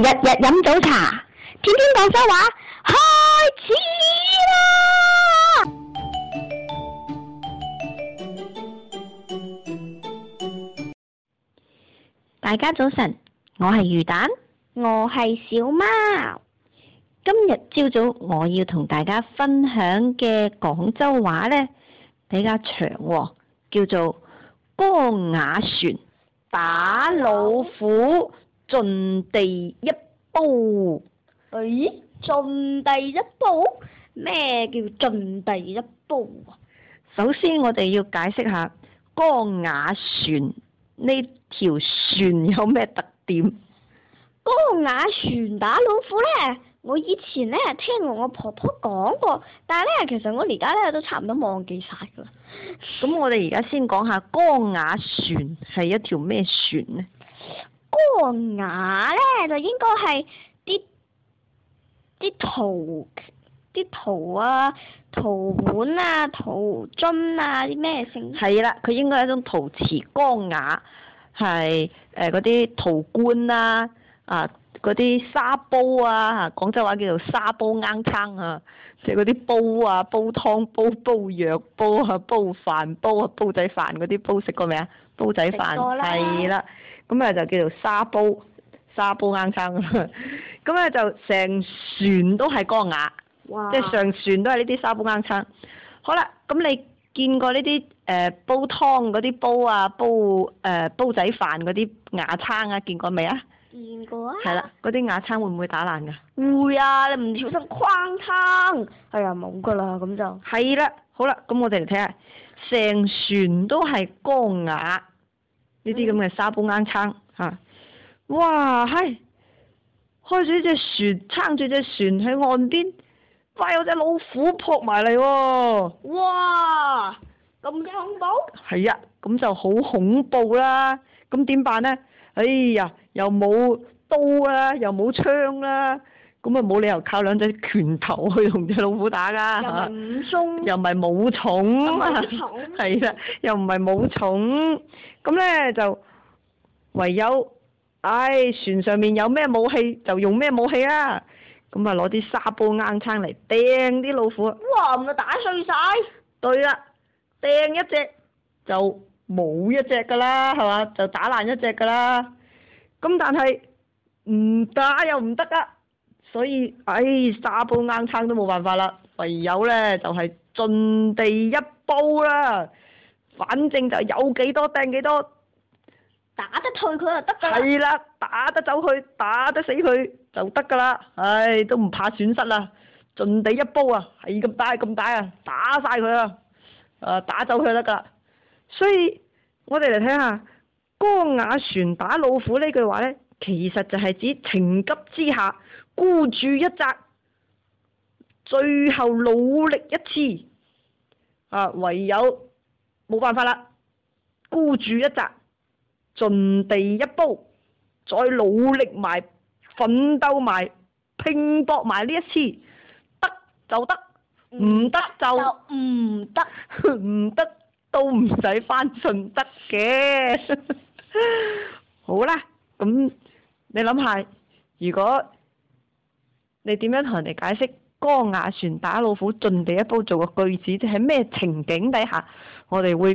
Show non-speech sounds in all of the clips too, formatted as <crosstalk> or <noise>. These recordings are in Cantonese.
日日飲早茶，天天講廣州話，開始啦！大家早晨，我係魚蛋，我係小貓。今日朝早我要同大家分享嘅廣州話呢，比較長喎，叫做缸瓦船打老虎。盡地一煲，誒，盡地一煲，咩叫盡地一煲？首先我哋要解釋下缸瓦船呢條船有咩特點？缸瓦船打老虎咧，我以前咧聽我婆婆講過，但係咧其實我而家咧都差唔多忘記晒噶啦。咁 <laughs> 我哋而家先講下缸瓦船係一條咩船咧？缸瓦咧就應該係啲啲陶啲陶啊陶碗啊陶樽啊啲咩性？係啦，佢應該係一種陶瓷缸瓦，係誒嗰啲陶罐啊，啊嗰啲沙煲啊，吓，廣州話叫做沙煲罌撐啊，即係啲煲啊煲湯煲煲藥煲啊煲飯煲啊煲仔飯嗰啲煲食過未啊？煲，煲，煲，煲，煲，煲，煲仔飯係啦。咁咧就叫做沙煲，沙煲罌罉咁啊！咁咧就成船都係缸瓦，即係上船都係呢啲沙煲罌罉。好啦，咁你見過呢啲誒煲湯嗰啲煲啊，煲誒煲仔飯嗰啲瓦罉啊，見過未啊？見過啊！係啦，嗰啲瓦罉會唔會打爛㗎？會啊！你唔小心框罉，係啊，冇㗎啦，咁就係啦。好啦，咁我哋嚟睇下，成船都係缸瓦。呢啲咁嘅沙煲罌罉嚇、啊，哇係！開住隻船撐住隻船喺岸邊，哇有隻老虎撲埋嚟喎！哇！咁嘅恐怖？係呀、啊，咁就好恐怖啦！咁點辦咧？哎呀，又冇刀啦、啊，又冇槍啦、啊、～咁啊，冇理由靠兩隻拳頭去同隻老虎打噶嚇，又唔係武松，又唔係武松？係啦 <laughs> <laughs> 又唔係武松。咁咧就唯有，唉、哎，船上面有咩武器就用咩武器啊！咁啊，攞啲沙煲硬撐嚟掟啲老虎。哇！唔係打碎晒？對啦，掟一隻就冇一隻噶啦，係嘛？就打爛一隻噶啦。咁但係唔打又唔得啊！所以，唉、哎，沙煲硬撐都冇辦法啦，唯有咧就係、是、盡地一煲啦。反正就有幾多掟幾多，打得退佢就得㗎。係啦，打得走佢，打得死佢就得㗎啦。唉、哎，都唔怕損失啦，盡地一煲啊，係、哎、咁大咁大啊，打晒佢啊，誒、呃，打走佢就得㗎。所以我哋嚟聽下，缸瓦船打老虎呢句話咧，其實就係指情急之下。孤注一擲，最後努力一次，啊，唯有冇辦法啦，孤注一擲，盡地一鋪，再努力埋、奮鬥埋、拼搏埋呢一次，得就得，唔得就唔、嗯得，嗯、得，唔、嗯、得都唔使翻順德嘅。 <laughs> 好啦，咁你諗下，如果，你點樣同人哋解釋“缸瓦船打老虎，盡地一煲做個句子”，即係咩情景底下，我哋會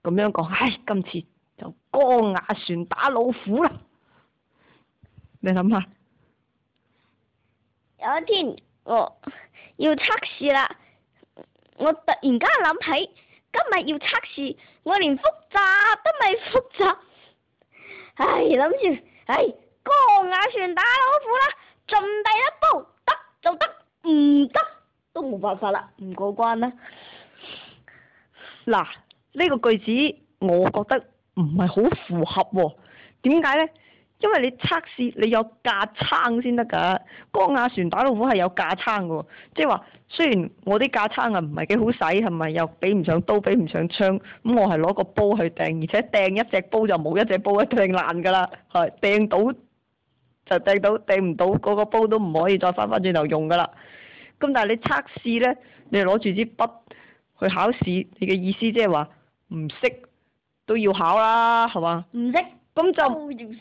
咁樣講？唉，今次就缸瓦船打老虎啦！你諗下，有一天我要測試啦，我突然間諗起，今日要測試，我連複習都未複習，唉，諗住唉，缸瓦船打老虎啦！盡第一煲，得就得，唔、嗯、得都冇辦法啦，唔過關啦。嗱呢、這個句子我覺得唔係好符合喎、哦，點解咧？因為你測試你有架撐先得噶，缸瓦船打老虎係有架撐噶，即係話雖然我啲架撐啊唔係幾好使，係咪又比唔上刀，比唔上槍，咁我係攞個煲去掟，而且掟一隻煲就冇一隻煲一掟爛噶啦，係掟到。就掟到掟唔到，嗰個煲都唔可以再翻翻轉頭用噶啦。咁但係你測試咧，你攞住支筆去考試，你嘅意思即係話唔識都要考啦，係嘛？唔識。咁就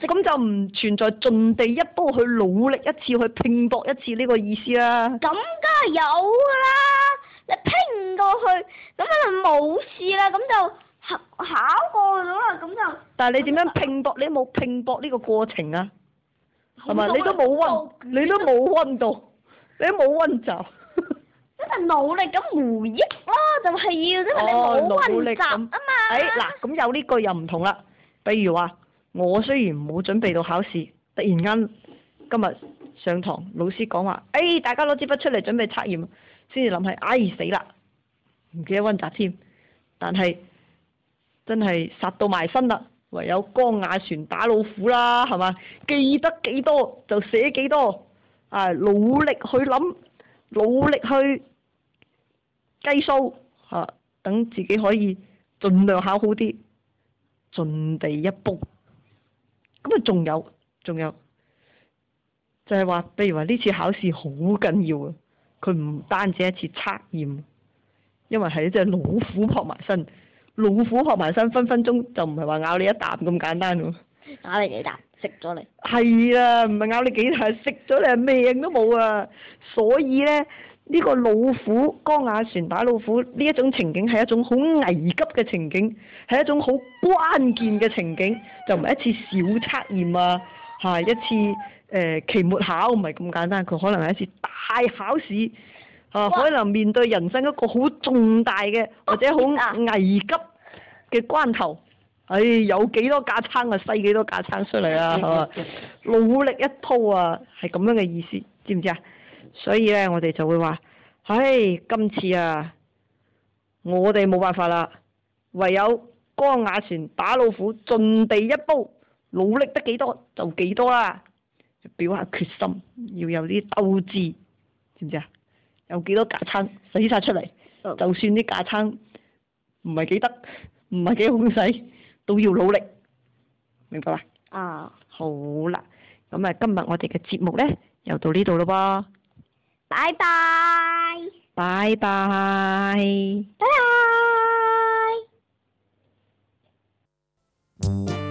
咁就唔存在盡地一煲去努力一次去拼搏一次呢個意思啦。咁梗係有噶啦，你拼過去，咁可能冇事啦，咁就考考過咗啦，咁就。但係你點樣拼搏？你有冇拼搏呢個過程啊？係咪？力你都冇温，力你都冇温度，力你都冇温習，真係努力咁回憶咯，就係要因為你冇温習啊嘛！哎嗱，咁有呢句又唔同啦。比如話，我雖然冇準備到考試，突然間今日上堂老師講話，哎，大家攞支筆出嚟準備測驗，先至諗起，哎死啦，唔記得温習添。但係真係殺到埋身啦！唯有缸瓦船打老虎啦，係嘛？記得幾多就寫幾多，啊，努力去諗，努力去計數，吓、啊，等自己可以盡量考好啲，盡地一煲。咁啊，仲有，仲有，就係話，比如話呢次考試好緊要啊，佢唔單止一次測驗，因為係一隻老虎撲埋身。老虎學埋身，分分鐘就唔係話咬你一啖咁簡單喎。你你咬你幾啖，食咗你。係啊，唔係咬你幾啖，食咗你命都冇啊！所以咧，呢、這個老虎缸瓦船打老虎呢一種情景係一種好危急嘅情景，係一種好關鍵嘅情景，就唔係一次小測驗啊，係、啊、一次誒、呃、期末考，唔係咁簡單，佢可能係一次大考試。啊！可能面對人生一個好重大嘅哇或者好危急嘅關頭，唉哇、哎，有幾多架撐啊，篩幾多架撐出嚟啊！吧努力一鋪啊，係咁樣嘅意思，知唔知啊？所以咧，我哋就會話，唉、哎，今次啊，我哋冇辦法啦，唯有缸瓦船打老虎，盡地一鋪，努力得幾多就幾多啦，表下決心，要有啲鬥志，知唔知啊？有幾多架撐使曬出嚟？嗯、就算啲架撐唔係幾得，唔係幾好使，都要努力，明白啦。啊，好啦，咁啊，今日我哋嘅節目呢，又到呢度咯噃。拜拜。拜拜。拜拜。